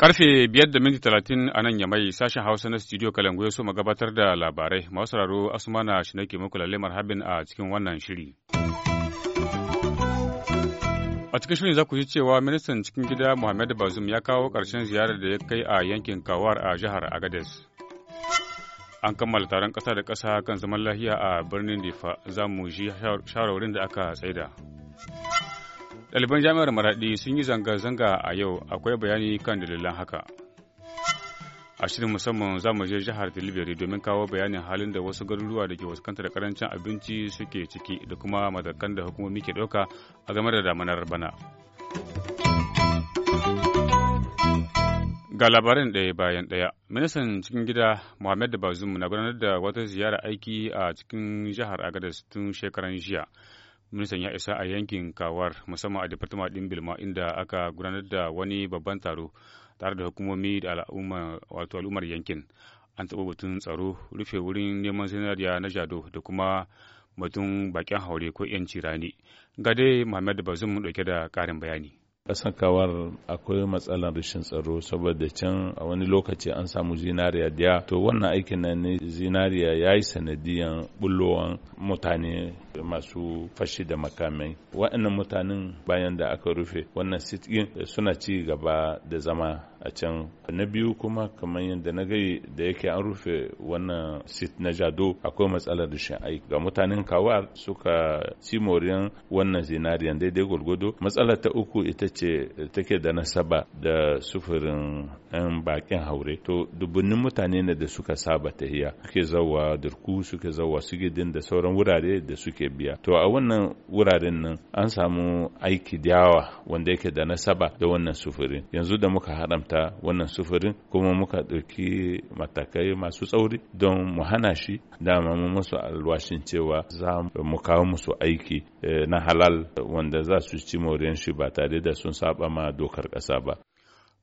Karfe biyar da minti talatin a nan yamai sashen Hausa na studio Kalangu ya so gabatar da labarai. Masu sauraro Asumana shi nake muku lalle marhabin a cikin wannan shiri. A cikin shirin za ku ji cewa ministan cikin gida Muhammadu Bazum ya kawo ƙarshen ziyarar da ya kai a yankin Kawar a jihar Agadez. an kammala taron ƙasa da kasa kan zaman lahiya a birnin difa za mu ji shawarwarin da aka tsaida ɗaliban jami'ar maraɗi sun yi zanga-zanga a yau akwai bayani kan dalilan haka a shirin musamman za mu je jihar delivery domin kawo bayanin halin da wasu garuruwa da ke da karancin abinci suke ciki da kuma matakan da hukumomi ke ɗauka a game da damanar bana. Ga labarin ɗaya bayan ɗaya, ministan cikin gida Muhammad Bazum na gudanar da wata ziyara aiki a cikin jihar Agadez tun shekaran jiya. Ministan ya isa a yankin Kawar musamman a Departima ɗin Bilma inda aka gudanar da wani babban taro tare da hukumomi da al'ummar yankin. An taɓa batun tsaro rufe wurin neman zinariya na Jado da kuma batun bakin haure ko 'yanci rani. Ga dai Muhammad Bazum ɗauke da ƙarin bayani. kasan kawar akwai matsalar rashin tsaro saboda can a wani lokaci an samu zinariya daya to wannan aikin nan ne zinariya ya yi sanadiyan bullowan mutane masu fashi da makamai waɗannan mutanen bayan da aka rufe wannan sitkin suna ci gaba da zama a can na biyu kuma kamar yadda na gai da yake an rufe wannan sit na jado akwai matsalar rashin aiki ga mutanen kawar suka ci moriyan wannan zinariyan daidai gwargwado matsalar ta uku ita ce take da nasaba da sufurin 'yan bakin haure to dubunnin mutane ne da suka saba tahiya suke zawa durku suke zawa sugidin da sauran wurare da suke biya to a wannan wuraren nan an samu aiki yawa wanda yake da nasaba da wannan sufurin yanzu da muka haramta wannan sufurin kuma muka ɗauki matakai masu tsauri don mu hana shi dama mu musu alwashin cewa za mu kawo musu aiki eh, na halal wanda za su ci moriyan shi ba tare da sun saba ma dokar ƙasa ba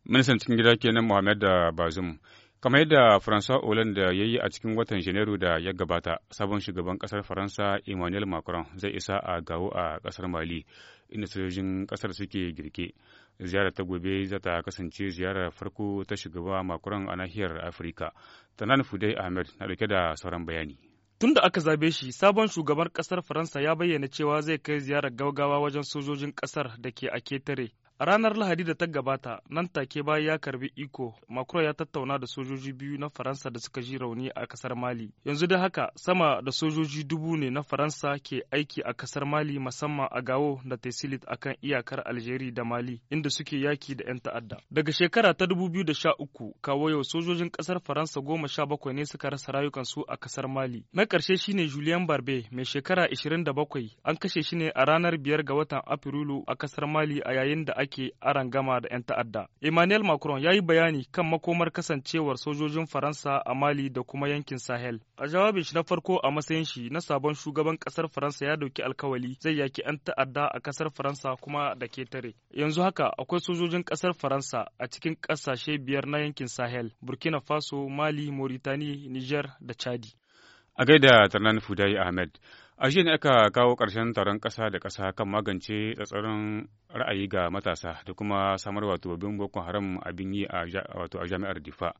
Ministan cikin gida kenan Mohamed da Bazum. Kamar yadda Oland Hollande ya yi a cikin watan Janairu da ya gabata, sabon shugaban kasar Faransa Emmanuel Macron zai isa a gawo a kasar Mali, inda sojojin kasar suke girke. Ziyarar ta gobe za ta kasance ziyarar farko ta shugaba Macron a nahiyar Afirka. Tanan Fudai Ahmed na dauke da sauran bayani. Tun da aka zabe shi, sabon shugaban kasar Faransa ya bayyana cewa zai kai ziyarar gaugawa wajen sojojin kasar da ke a ketare A ranar Lahadi da ta gabata, nan take bayan ya karbi iko, Macron ya tattauna da sojoji biyu na Faransa da suka ji rauni a kasar Mali. Yanzu da haka, sama da sojoji dubu ne na Faransa ke aiki a kasar Mali musamman a Gawo da Tesilit akan iyakar Algeria da Mali, inda suke yaki da 'yan ta'adda. Daga shekara ta uku kawo yau sojojin kasar Faransa goma sha bakwai ne suka rasa rayukansu a kasar Mali. Na karshe shine Julien Barbe, mai shekara bakwai an kashe shi ne a ranar biyar ga watan Afrilu a kasar Mali a yayin da ake arangama da 'yan ta'adda. Emmanuel Macron ya yi bayani kan makomar kasancewar sojojin Faransa a Mali da kuma yankin Sahel. A jawabin shi na farko a matsayin shi na sabon shugaban kasar Faransa ya dauki alkawali zai yaki 'yan ta'adda a kasar Faransa kuma da ketare. Yanzu haka akwai sojojin kasar Faransa a cikin kasashe biyar na yankin Sahel, Burkina Faso, Mali, Mauritania, Niger da Chadi. A gaida Tarnan Fudayi Ahmed. A shi ne aka kawo ƙarshen taron ƙasa da ƙasa kan magance tsatsarin ra'ayi ga matasa da kuma samar wato bin Boko Haram abin yi a jami'ar Difa.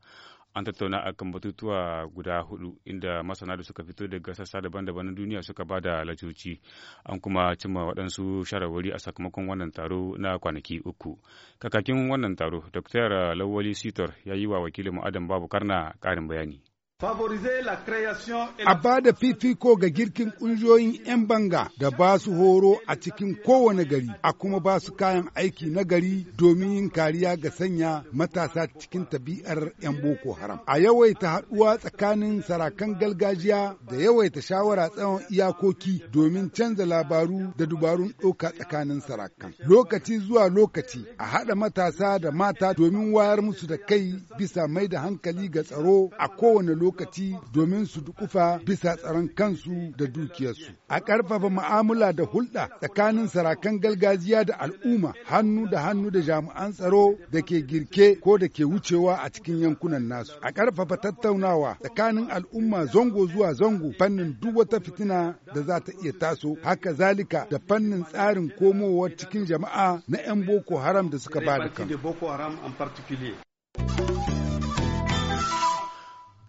An tattauna a kan batutuwa guda hudu inda masana da suka fito daga sassa daban-daban na duniya suka ba da lajoci An kuma cimma waɗansu sharawari a sakamakon wannan taro na kwanaki uku. Kakakin wannan taro, Dr. Lawali Sitor ya yi wa wakilin Adam Babu Karna ƙarin bayani. A ba da fifiko ga girkin ƙungiyoyin 'yan banga da ba su horo a cikin kowane gari, a kuma ba su kayan aiki na gari domin yin kariya ga sanya matasa cikin tabi'ar 'yan Boko Haram. A yawaita haɗuwa tsakanin sarakan gargajiya da yawaita shawara tsawon iyakoki domin canza labaru da dubarun ɗauka tsakanin sarakan. Lokaci zuwa lokaci a haɗa matasa da mata domin wayar musu da kai bisa mai da hankali ga tsaro a kowane lokaci. lokaci domin su dukufa bisa tsaron kansu da dukiyarsu. A ƙarfafa ma'amula da hulɗa tsakanin sarakan gargajiya da al'umma hannu da hannu da jami'an tsaro da ke girke ko da ke wucewa a cikin yankunan nasu. A ƙarfafa tattaunawa tsakanin al'umma zango zuwa zango fannin duk wata fitina da za ta iya taso haka zalika da fannin tsarin komowar cikin jama'a na 'yan Boko Haram da suka ba da kan.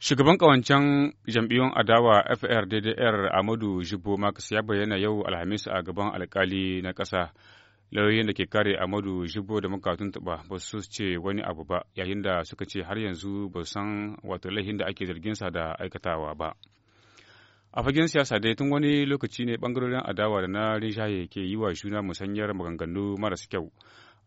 Shugaban kawancen jam'iyyun adawa FRDDR Amadu Jibo Marcus ya bayyana yau Alhamis a gaban alkali na kasa Lauyoyin da ke kare Amadu Jibo da muka tuntuɓa ba su ce wani abu ba yayin da suka ce har yanzu ba san wato laihin da ake sa da aikatawa ba. A fagen siyasa dai tun wani lokaci ne bangarorin adawa da na rinshaye ke yi wa juna musanyar maganganu maras kyau.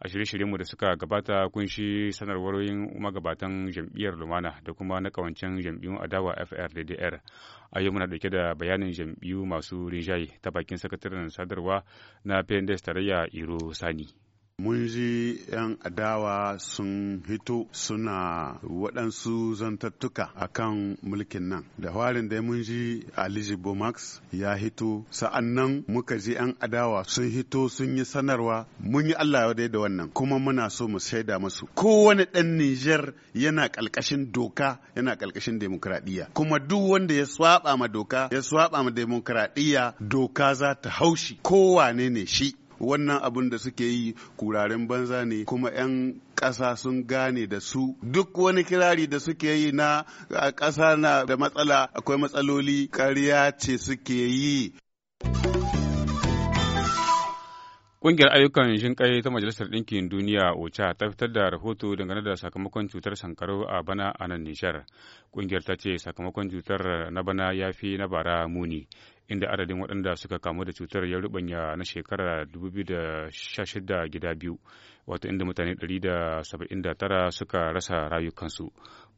a shirye-shiryenmu da suka gabata kunshi sanarwaroyin magabatan jam'iyyar lumana da kuma na kawancen jam'iyyun adawa frddr a yau muna dauke da bayanin jam'iyyu masu rinjaye ta bakin sakataren sadarwa na pnds tarayya iro sani mun ji 'yan adawa sun hito suna waɗansu zantattuka a kan mulkin nan da farin da mun ji aliji bomax ya hito sa'an nan muka ji 'yan adawa sun hito sun yi sanarwa mun yi allah dai da wannan kuma muna so mu shaida masu kowane ɗan Nijar yana ƙalƙashin doka yana ƙalƙashin demokradiyya kuma duk wanda ya swaba ma doka ya swaba ma demokradiyya doka za ta haushi kowane ne shi wannan abun da suke yi kuraren banza ne kuma 'yan ƙasa sun gane da su duk wani kirari da suke yi na ƙasa na da matsala akwai matsaloli ƙarya ce suke yi Ƙungiyar ayyukan shinkai ta Majalisar Ɗinkin Duniya OCHA ta fitar da rahoto dangane da sakamakon cutar sankarau a bana a nan Nijar. Ƙungiyar ta ce sakamakon cutar na bana ya fi na bara muni, inda adadin waɗanda suka kamu da cutar ya rubanya na shekarar 2016 gida biyu wato inda mutane 179 suka rasa rayukansu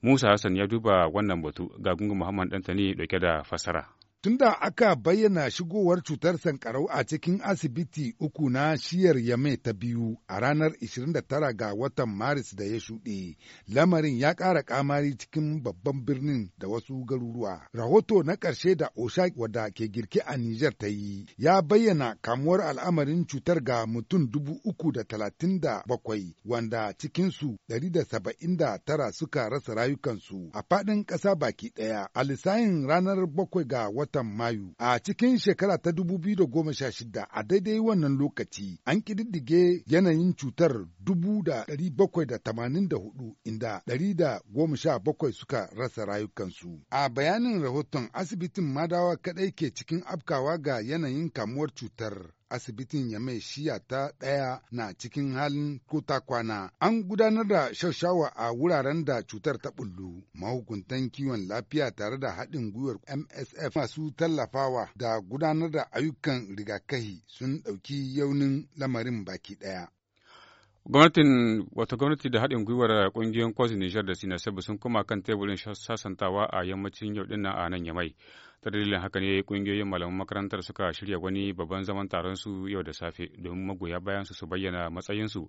musa hassan ya duba wannan batu ga gungun muhammad dantani ɗauke da fasara Tunda aka bayyana shigowar cutar sankarau a cikin asibiti uku na shiyar Yame ta biyu a ranar 29 ga watan Maris da ya shuɗe, lamarin ya ƙara ƙamari cikin babban birnin da wasu garuruwa. Rahoto na ƙarshe da oshak wada ke girki a Nijar ta yi, ya bayyana kamuwar al'amarin cutar ga mutum dubu uku da talatin da bakwai, wanda cikinsu ɗari da saba'in da tara suka rasa rayukansu a faɗin ƙasa baki ɗaya. A lissayin ranar bakwai ga watan watan Mayu. A cikin shekara ta sha 2016 a daidai wannan lokaci an ƙididdige yanayin cutar 784 inda da sha bakwai suka rasa rayukansu. A bayanin rahoton asibitin Madawa kaɗai ke cikin afkawa ga yanayin kamuwar cutar. asibitin ya mai shiya ta ɗaya na cikin halin kota kwana. An gudanar da shaushawa a wuraren da cutar ta bullu. Mahukuntan kiwon lafiya tare da haɗin gwiwar MSF masu tallafawa da gudanar da ayyukan rigakahi sun ɗauki yaunin lamarin baki ɗaya. Gwamnatin wata gwamnati da haɗin gwiwar ƙungiyoyin kwazin Nijar da sabu sun koma kan teburin sasantawa a yammacin yau dinnan a nan Yamai. Ta dalilin haka ne ƙungiyoyin malaman makarantar suka shirya wani babban zaman taron su yau da safe domin magoya bayan su bayyana bayyana matsayinsu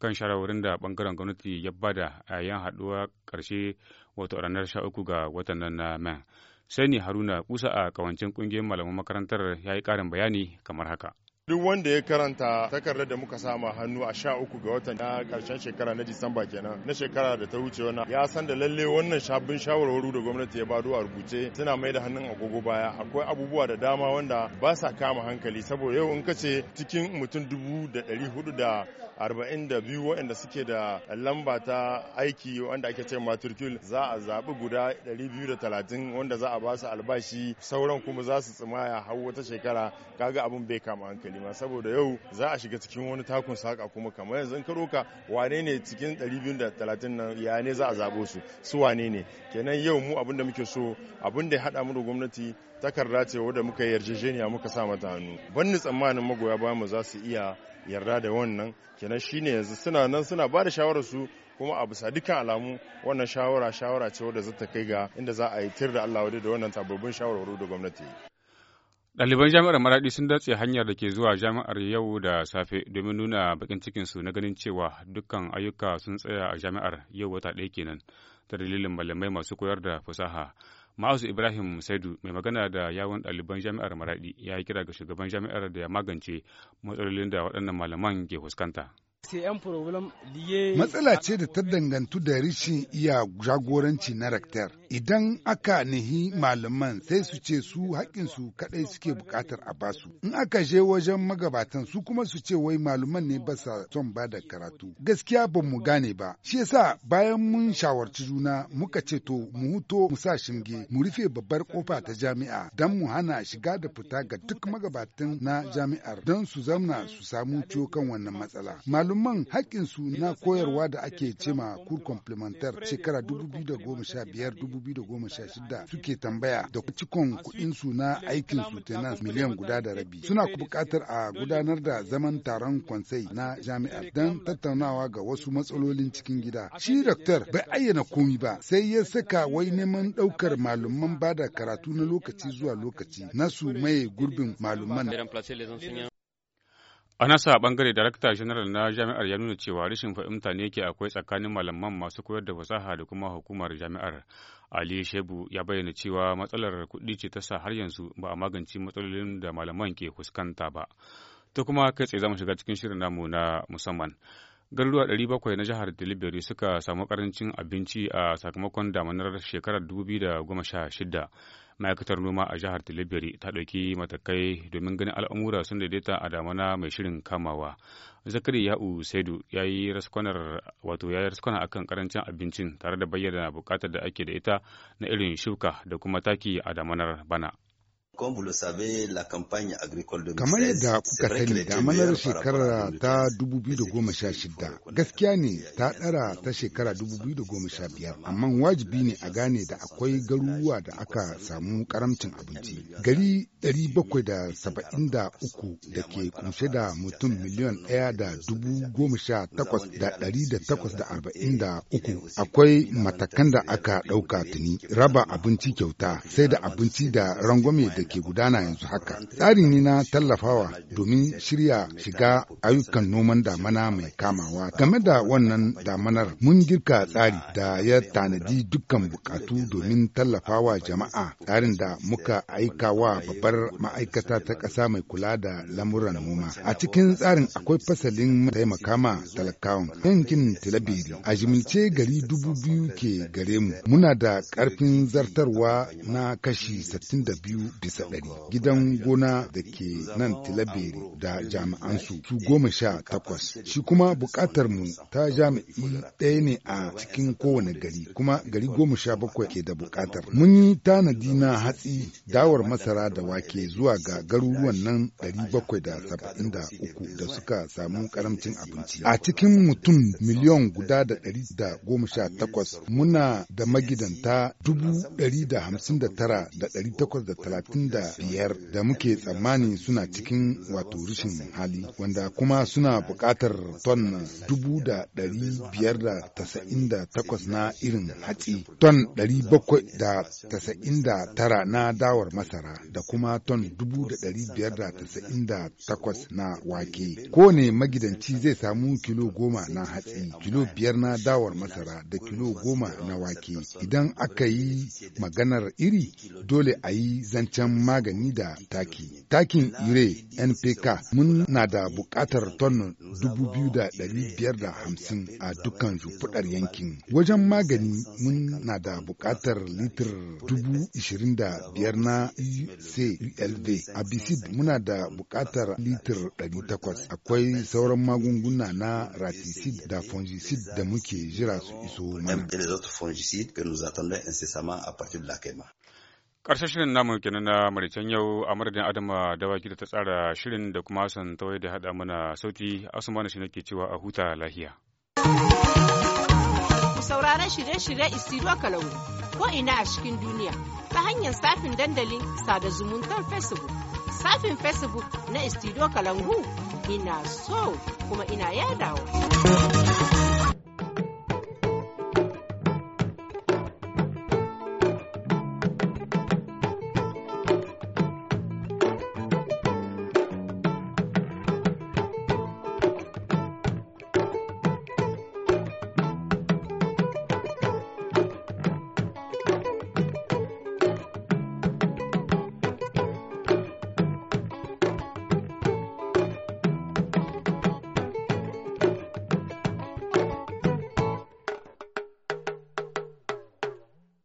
kan shawarwarin da bangaren gwamnati ya bada a yan haɗuwa ƙarshe wato ranar sha uku ga watan nan na Mai. Sai ne Haruna Kusa a kawancin ƙungiyoyin malaman makarantar ya yi ƙarin bayani kamar haka. duk wanda ya karanta takardar da muka sama hannu a sha uku ga watan na karshen shekara na disamba kenan na shekara da ta wuce wani ya san da lalle wannan sabbin shawarwaru da gwamnati ya bado a rubuce suna mai da hannun agogo baya akwai abubuwa da dama wanda ba sa kama hankali saboda yau in ka ce cikin mutum dubu da ɗari hudu da arba'in da biyu waɗanda suke da lamba ta aiki wanda ake ce matricule za a zaɓi guda ɗari biyu da talatin wanda za a ba su albashi sauran kuma za su tsimaya har wata shekara kaga abin bai kama hankali ma saboda yau za a shiga cikin wani takun saka kuma kamar yanzu in ka roka wane ne cikin 230 nan ya ne za a zabo su su wane ne kenan yau mu abin da muke so abin da ya haɗa mu da gwamnati takarda ce wadda muka yarjejeniya muka sa mata hannu ban ni tsammanin magoya bayan mu za su iya yarda da wannan kenan shine yanzu suna nan suna ba da shawarar su kuma a bisa dukkan alamu wannan shawara shawara ce wadda zata kai ga inda za a yi tir da Allah wadda da wannan sababbin shawarwaro da gwamnati Ɗaliban jami'ar Maraɗi sun datse hanyar da ke zuwa jami'ar yau da safe domin nuna bakin cikinsu na ganin cewa dukkan ayyuka sun tsaya a jami'ar yau wata ɗaya kenan ta dalilin malamai masu koyar da fasaha. Ma'azu Ibrahim Saidu mai magana da yawon ɗaliban jami'ar Maraɗi ya yi kira ga shugaban jami'ar da ya magance matsalolin da waɗannan malaman ke fuskanta. Matsala ce da ta dangantu da rishin iya jagoranci na rektar. idan aka nihi malaman sai su ce su haƙinsu kaɗai suke buƙatar a basu in aka je wajen magabatan su kuma su ce wai malaman ne ba sa son ba da karatu gaskiya ba mu gane ba shi yasa bayan mun shawarci juna muka ce to mu huto mu sa shinge mu rufe babbar kofa ta jami'a don mu hana shiga da fita ga duk magabatan na jami'ar don su zamna su samu ciwo kan wannan matsala malaman su na koyarwa da ake cema cour complementaire shekara 2015 2016 suke tambaya da cikon kuɗinsu na aikin su sutenance miliyan guda da rabi. Suna buƙatar a gudanar da zaman taron kwansai na jami'ar don tattaunawa ga wasu matsalolin cikin gida. Shi raktar bai ayyana komi ba sai ya saka wai neman ɗaukar malaman bada karatu na lokaci zuwa lokaci na su maye gurbin malaman. A nasa bangare Darakta janaral na jami'ar ya nuna cewa rashin fahimta ne ke akwai tsakanin malaman masu koyar da fasaha da kuma hukumar jami'ar. Ali Shebu ya bayyana cewa matsalar kuɗi ce ta sa har yanzu ba a magance matsalolin da malaman ke fuskanta ba. Ta kuma kai tsaye za mu shiga cikin shirin namu na musamman. garuruwa 700 na jihar Delivery suka samu karancin abinci a sakamakon damanar shekarar 2016. Ma'aikatar noma a jihar Delivery ta ɗauki matakai domin ganin al'amura sun daidaita a damana mai shirin kamawa. Zakari Ya'u Saidu ya yi raskwanar wato ya yi raskwanar akan karancin abincin tare da bayyana bukatar da ake da ita na irin shuka da kuma taki a damanar bana. Kamar yadda kuka sani damanar euh, shekara ta 2016 gaskiya ne ta ɗara ta shekara 2015 amma wajibi ne a gane da akwai garuruwa da aka samu karamcin abinci. Gari 773 da ke kunshe da mutum miliyan 1,018,843 akwai matakan da aka ɗauka tuni raba abinci kyauta sai da abinci da rangwame da da ke gudana yanzu haka. Tsari ne na tallafawa domin shirya shiga ayyukan noman damana mai kamawa. Game da wannan damanar mun girka tsari da ya tanadi dukkan bukatu domin tallafawa jama'a tsarin da muka aika wa babbar ma'aikata ta ƙasa mai kula da lamuran noma. A cikin tsarin akwai fasalin taimaka ma talakawan yankin Tilabiri a jimilce gari dubu biyu ke gare mu. Muna da ƙarfin zartarwa na kashi 62 bisa ɗari gidan gona da ke nan tilabiri da jami'ansu su goma sha takwas shi kuma buƙatar mu ta jami'i ɗaya ne a cikin kowane gari kuma gari goma sha bakwai ke da buƙatar mun yi tanadi na hatsi dawar masara da wake zuwa ga garuruwan nan ɗari bakwai da saba'in da uku da suka samu karamcin abinci a cikin mutum miliyon guda da ɗari da goma sha takwas muna da magidanta dubu ɗari da hamsin da tara da ɗari takwas da talatin da biyar da muke tsammani suna cikin wato rishin hali wanda kuma suna buƙatar ton dubu da ɗari biyar da tasa'in da takwas na irin hatsi ton ɗari bakwai da tasa'in da tara na dawar masara da kuma ton dubu da ɗari biyar da tasa'in da takwas na wake kowane magidanci zai samu kilo goma na hatsi kilo biyar na dawar masara da kilo goma na wake idan aka yi maganar iri dole a yi zancen magani da taki. Takin ire NPK mun na da buƙatar ton 2,550 a dukkan shimfiɗar yankin. Wajen magani mun na da buƙatar litir 25,000 na UCLV. A bisid muna da buƙatar litir 800. Akwai sauran magunguna na raticid da fungicid da muke jira su iso mana. Ƙarshen shirin namu kenan na maricen yau a madadin Adama Dawaki da ta tsara shirin da kuma son Tawai da haɗa mana sauti Asumana shi nake cewa a huta lahiya. Sauraron shirye-shirye Isiro Kalau ko ina a cikin duniya ta hanyar safin dandalin sada zumuntar Facebook. Safin Facebook na Isiro Kalangu ina so kuma ina yadawa.